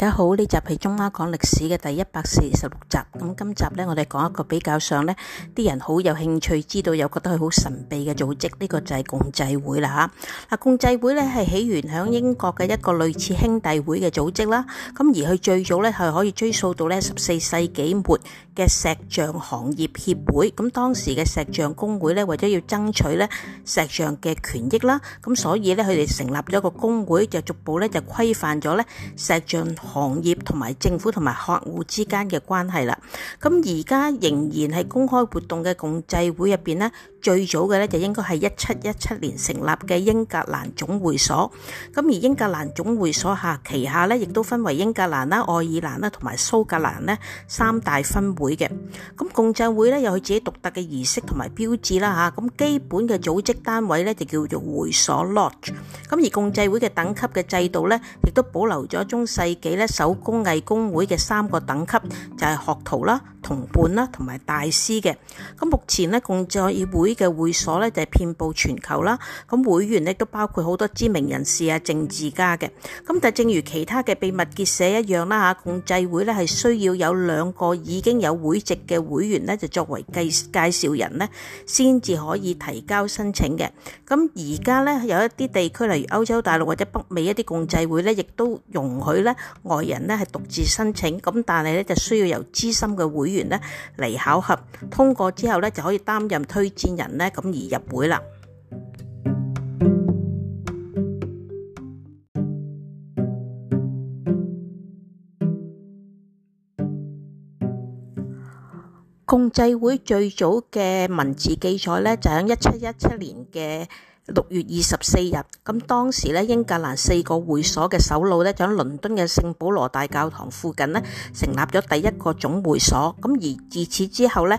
大家好，呢集係中媽講歷史嘅第一百四十六集。咁今集呢，我哋講一個比較上呢啲人好有興趣知道又覺得佢好神秘嘅組織，呢個就係共濟會啦吓。共濟會呢，係起源響英國嘅一個類似兄弟會嘅組織啦。咁而佢最早呢，係可以追溯到呢十四世紀末嘅石匠行業協會。咁當時嘅石匠工會呢，為咗要爭取呢石匠嘅權益啦，咁所以呢，佢哋成立咗個工會，就逐步呢，就規範咗呢石匠。行業同埋政府同埋客戶之間嘅關係啦，咁而家仍然係公開活動嘅共濟會入邊咧。最早嘅咧就應該係一七一七年成立嘅英格蘭總會所，咁而英格蘭總會所下旗下咧亦都分為英格蘭啦、愛爾蘭啦同埋蘇格蘭呢三大分會嘅。咁共濟會咧有佢自己獨特嘅儀式同埋標誌啦嚇，咁基本嘅組織單位咧就叫做會所 lodge。咁而共濟會嘅等級嘅制度咧，亦都保留咗中世紀咧手工藝工會嘅三個等級，就係、是、學徒啦。同伴啦，同埋大師嘅。咁目前咧，共濟會嘅會所咧就係遍布全球啦。咁會員咧都包括好多知名人士啊、政治家嘅。咁但係正如其他嘅秘密結社一樣啦吓，共濟會咧係需要有兩個已經有會籍嘅會員咧，就作為介介紹人咧，先至可以提交申請嘅。咁而家咧有一啲地區例如歐洲大陸或者北美一啲共濟會咧，亦都容許咧外人咧係獨自申請，咁但係咧就需要由資深嘅會員。呢嚟考核，通過之後呢就可以擔任推薦人呢，咁而入會啦。共濟會最早嘅文字記載呢，就喺一七一七年嘅。六月二十四日，咁當時咧，英格蘭四個會所嘅首腦咧，就喺倫敦嘅聖保羅大教堂附近咧，成立咗第一個總會所。咁而自此之後咧，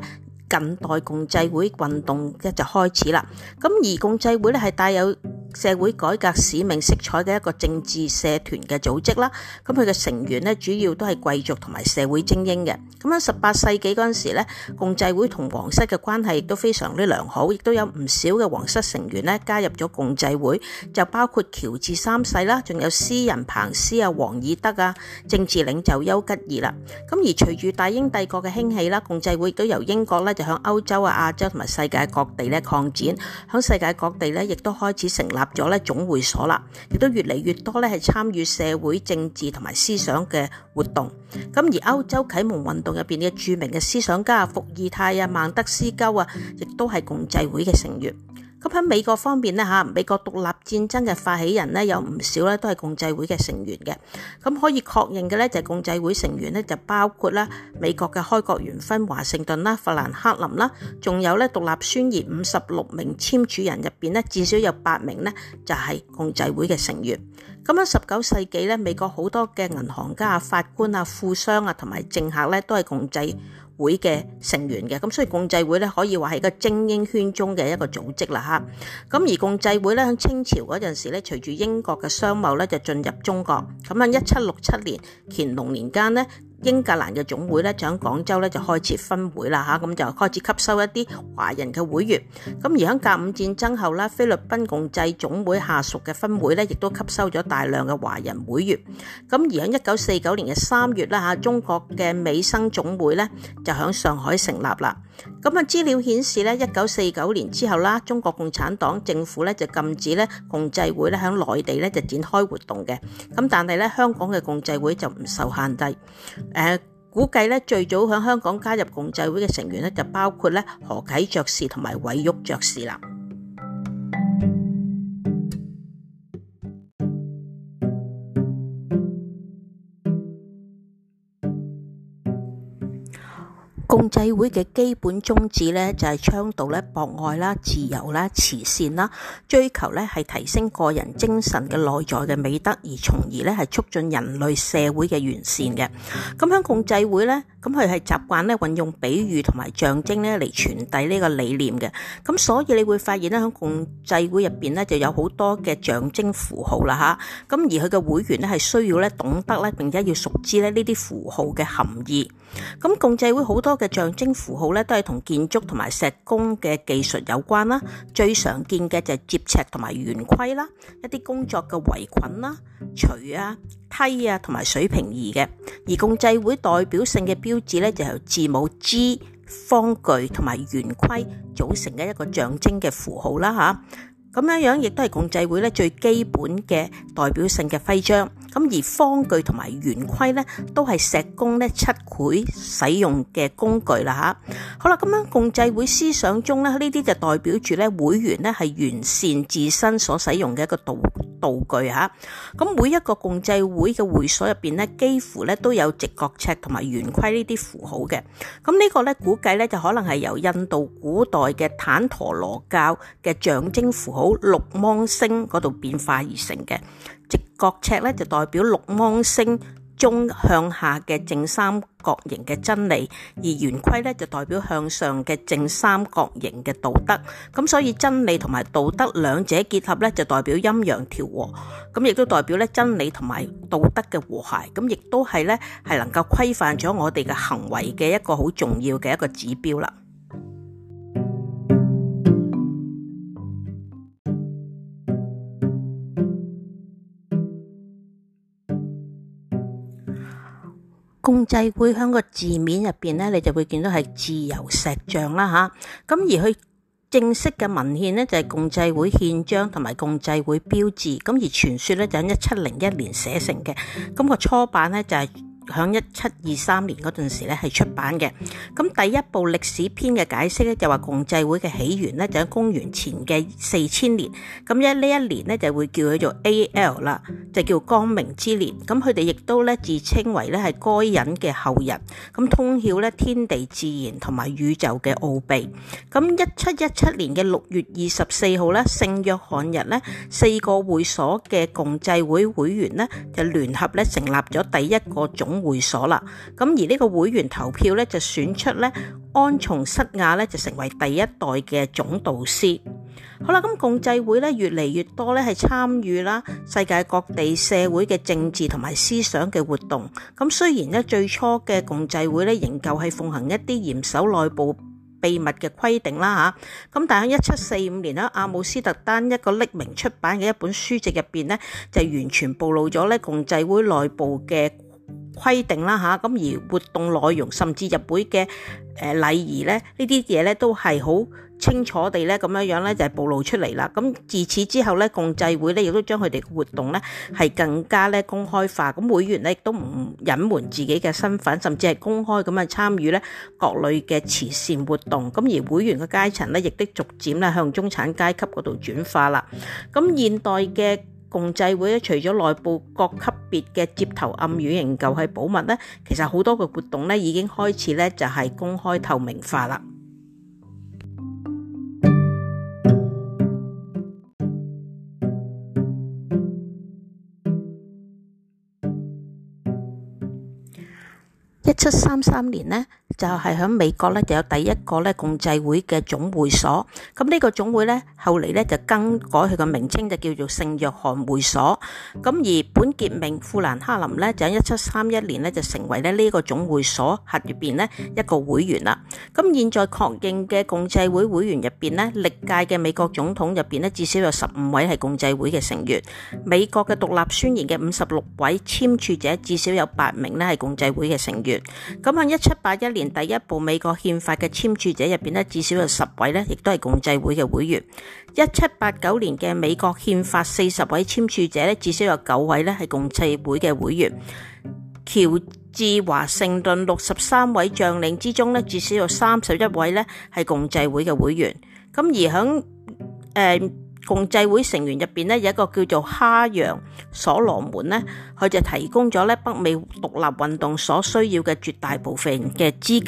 近代共濟會運動一就開始啦。咁而共濟會咧係帶有社會改革使命色彩嘅一個政治社團嘅組織啦，咁佢嘅成員咧主要都係貴族同埋社會精英嘅。咁喺十八世紀嗰陣時咧，共濟會同皇室嘅關係都非常之良好，亦都有唔少嘅皇室成員咧加入咗共濟會，就包括喬治三世啦，仲有詩人彭斯啊、王爾德啊、政治領袖丘吉爾啦。咁而隨住大英帝國嘅興起啦，共濟會亦都由英國咧就向歐洲啊、亞洲同埋世界各地咧擴展，響世界各地咧亦都開始成立。入咗咧總會所啦，亦都越嚟越多咧係參與社會政治同埋思想嘅活動。咁而歐洲啟蒙運動入邊嘅著名嘅思想家伏爾泰啊、孟德斯鳩啊，亦都係共濟會嘅成員。咁喺美國方面呢，美國獨立戰爭嘅發起人呢，有唔少呢都係共濟會嘅成員嘅。咁可以確認嘅呢，就係共濟會成員呢，就包括啦美國嘅開國元勳、華盛頓啦、弗蘭克林啦，仲有呢獨立宣言五十六名簽署人入面呢，至少有八名呢就係共濟會嘅成員。咁喺十九世紀呢，美國好多嘅銀行家、法官啊、富商啊同埋政客呢，都係共濟會嘅成員嘅，咁所以共濟會咧可以話係一個精英圈中嘅一個組織啦，吓，咁而共濟會咧喺清朝嗰陣時咧，隨住英國嘅商貿咧就進入中國，咁喺一七六七年乾隆年間咧。英格蘭嘅總會咧就喺廣州咧就開設分會啦，嚇，咁就開始吸收一啲華人嘅會員。咁而喺甲午戰爭後咧，菲律賓共濟總會下屬嘅分會咧亦都吸收咗大量嘅華人會員。咁而喺一九四九年嘅三月咧嚇，中國嘅美生總會咧就喺上海成立啦。咁啊，資料顯示咧，一九四九年之後啦，中國共產黨政府咧就禁止咧共濟會咧響內地咧就展開活動嘅。咁但係咧，香港嘅共濟會就唔受限制。誒、呃、估計咧最早響香港加入共濟會嘅成員咧就包括咧何啟爵士同埋韋玉爵士啦。共濟會嘅基本宗旨咧就係倡導咧博愛啦、自由啦、慈善啦，追求咧係提升個人精神嘅內在嘅美德，而從而咧係促進人類社會嘅完善嘅。咁響共濟會咧，咁佢係習慣咧運用比喻同埋象徵咧嚟傳遞呢個理念嘅。咁所以你會發現咧響共濟會入邊咧就有好多嘅象徵符號啦吓。咁而佢嘅會員咧係需要咧懂得咧，並且要熟知咧呢啲符號嘅含義。咁共濟會好多嘅象象徵符號咧都係同建築同埋石工嘅技術有關啦，最常見嘅就係接尺同埋圓規啦，一啲工作嘅圍裙啦、錘啊、梯啊同埋水平儀嘅。而共濟會代表性嘅標誌咧就由字母 G 方、方矩同埋圓規組成嘅一個象徵嘅符號啦，吓。咁樣樣亦都係共濟會咧最基本嘅代表性嘅徽章，咁而方具同埋圓規咧都係石工咧七會使用嘅工具啦吓。好啦，咁樣共濟會思想中咧呢啲就代表住咧會員咧係完善自身所使用嘅一個道道具吓。咁每一個共濟會嘅會所入邊咧，幾乎咧都有直角尺同埋圓規呢啲符號嘅。咁、這、呢個咧估計咧就可能係由印度古代嘅坦陀羅教嘅象徵符號。好六芒星嗰度變化而成嘅。直角尺咧，就代表六芒星中向下嘅正三角形嘅真理；而圓規咧，就代表向上嘅正三角形嘅道德。咁所以真理同埋道德兩者結合咧，就代表陰陽調和，咁亦都代表咧真理同埋道德嘅和諧。咁亦都係咧，係能夠規範咗我哋嘅行為嘅一個好重要嘅一個指標啦。共濟會響個字面入邊咧，你就會見到係自由石像啦吓，咁而佢正式嘅文獻咧，就係共濟會憲章同埋共濟會標誌。咁而傳說咧，就喺一七零一年寫成嘅。咁個初版咧，就係、是。喺一七二三年嗰陣時咧，係出版嘅。咁第一部歷史篇嘅解釋咧，就話共濟會嘅起源咧，就喺公元前嘅四千年。咁一呢一年咧，就會叫佢做 A.L. 啦，就叫光明之年。咁佢哋亦都咧自稱為咧係該隱嘅後人。咁通曉咧天地自然同埋宇宙嘅奧秘。咁一七一七年嘅六月二十四號咧，聖約翰日咧，四個會所嘅共濟會會員咧，就聯合咧成立咗第一個總會所啦，咁而呢個會員投票咧，就選出咧安從失亞咧，就成為第一代嘅總導師。好啦，咁共濟會咧越嚟越多咧係參與啦，世界各地社會嘅政治同埋思想嘅活動。咁雖然呢，最初嘅共濟會咧仍舊係奉行一啲嚴守內部秘密嘅規定啦吓，咁但係一七四五年啦，阿姆斯特丹一個匿名出版嘅一本書籍入邊呢，就完全暴露咗咧共濟會內部嘅規定啦吓，咁而活動內容甚至入會嘅誒禮儀咧，呢啲嘢咧都係好清楚地咧咁樣樣咧就係暴露出嚟啦。咁自此之後咧，共濟會咧亦都將佢哋嘅活動咧係更加咧公開化，咁會員咧亦都唔隱瞞自己嘅身份，甚至係公開咁啊參與咧各類嘅慈善活動。咁而會員嘅階層咧亦都逐漸咧向中產階級嗰度轉化啦。咁現代嘅共濟會除咗內部各級別嘅接頭暗語仍舊係保密呢，其實好多嘅活動呢已經開始呢就係公開透明化啦。一七三三年呢。就係喺美國咧，就有第一個咧共濟會嘅總會所。咁呢個總會咧，後嚟咧就更改佢個名稱，就叫做聖約翰會所。咁而本傑明富蘭克林咧，就喺一七三一年咧，就成為咧呢個總會所入邊咧一個會員啦。咁現在確認嘅共濟會會員入邊呢，歷屆嘅美國總統入邊呢，至少有十五位係共濟會嘅成員。美國嘅獨立宣言嘅五十六位簽署者，至少有八名呢係共濟會嘅成員。咁喺一七八一年。第一部美國憲法嘅簽署者入邊咧，至少有十位咧，亦都係共濟會嘅會員。一七八九年嘅美國憲法四十位簽署者咧，至少有九位咧係共濟會嘅會員。喬治華盛頓六十三位將領之中咧，至少有三十一位咧係共濟會嘅會員。咁而響誒。共濟會成員入邊咧有一個叫做哈楊所羅門咧，佢就提供咗咧北美獨立運動所需要嘅絕大部分嘅資金，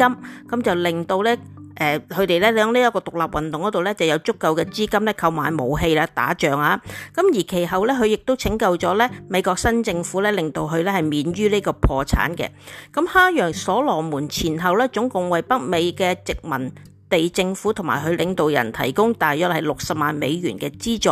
咁就令到咧誒佢哋咧喺呢一個獨立運動嗰度咧就有足夠嘅資金咧購買武器啦、打仗啊，咁而其後咧佢亦都拯救咗咧美國新政府咧，令到佢咧係免於呢個破產嘅。咁哈楊所羅門前後咧總共為北美嘅殖民。地政府同埋佢領導人提供大約係六十萬美元嘅資助，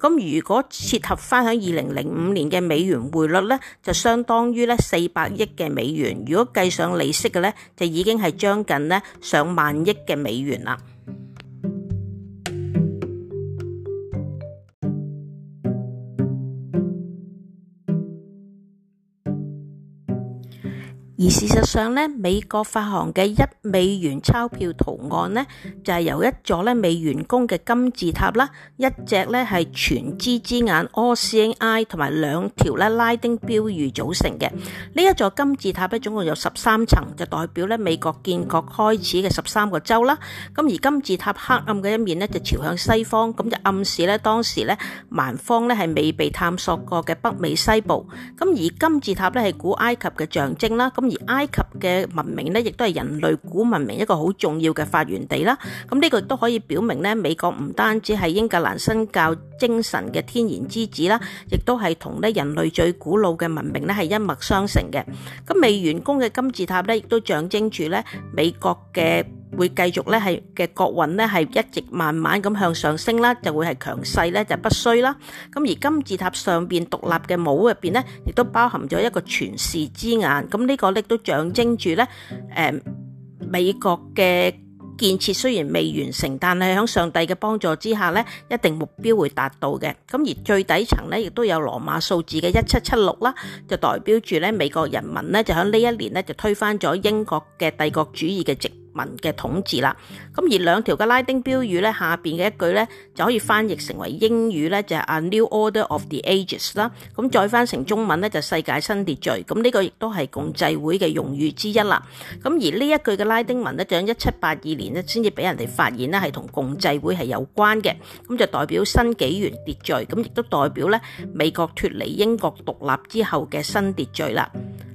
咁如果切合返喺二零零五年嘅美元匯率咧，就相當於咧四百億嘅美元。如果計上利息嘅咧，就已經係將近咧上萬億嘅美元啦。而事實上呢美國發行嘅一美元鈔票圖案呢，就係、是、由一座咧未完工嘅金字塔啦，一隻咧係全知之眼 All Seeing Eye 同埋兩條咧拉丁標語組成嘅。呢一座金字塔咧總共有十三層，就代表咧美國建國開始嘅十三個州啦。咁而金字塔黑暗嘅一面呢，就朝向西方，咁就暗示咧當時咧南方咧係未被探索過嘅北美西部。咁而金字塔咧係古埃及嘅象徵啦，咁。而埃及嘅文明呢，亦都係人類古文明一個好重要嘅發源地啦。咁、這、呢個亦都可以表明呢，美國唔單止係英格蘭新教精神嘅天然之子啦，亦都係同呢人類最古老嘅文明呢係一脈相承嘅。咁未完工嘅金字塔呢，亦都象徵住呢美國嘅。會繼續咧係嘅國運咧係一直慢慢咁向上升啦，就會係強勢咧就不衰啦。咁而金字塔上面獨立嘅帽入面咧，亦都包含咗一個全視之眼。咁、這、呢個亦都象徵住咧誒美國嘅建設雖然未完成，但係喺上帝嘅幫助之下咧，一定目標會達到嘅。咁而最底層咧亦都有羅馬數字嘅一七七六啦，就代表住咧美國人民咧就喺呢一年咧就推翻咗英國嘅帝國主義嘅殖嘅統治啦，咁而兩條嘅拉丁標語咧，下面嘅一句咧就可以翻譯成為英語咧，就係、是、A New Order of the Ages 啦，咁再翻成中文咧就世界新秩序，咁、這、呢個亦都係共濟會嘅用語之一啦。咁而呢一句嘅拉丁文咧，就喺一七八二年咧先至俾人哋發現咧，係同共濟會係有關嘅，咁就代表新紀元秩序，咁亦都代表咧美國脫離英國獨立之後嘅新秩序啦。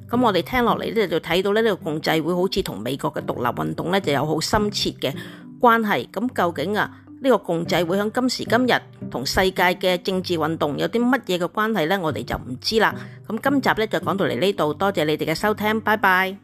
咁我哋聽落嚟呢就睇到呢個共濟會好似同美國嘅獨立運動呢，就有好深切嘅關係。咁究竟啊呢個共濟會喺今時今日同世界嘅政治運動有啲乜嘢嘅關係呢？我哋就唔知啦。咁今集呢，就講到嚟呢度，多謝你哋嘅收聽，拜拜。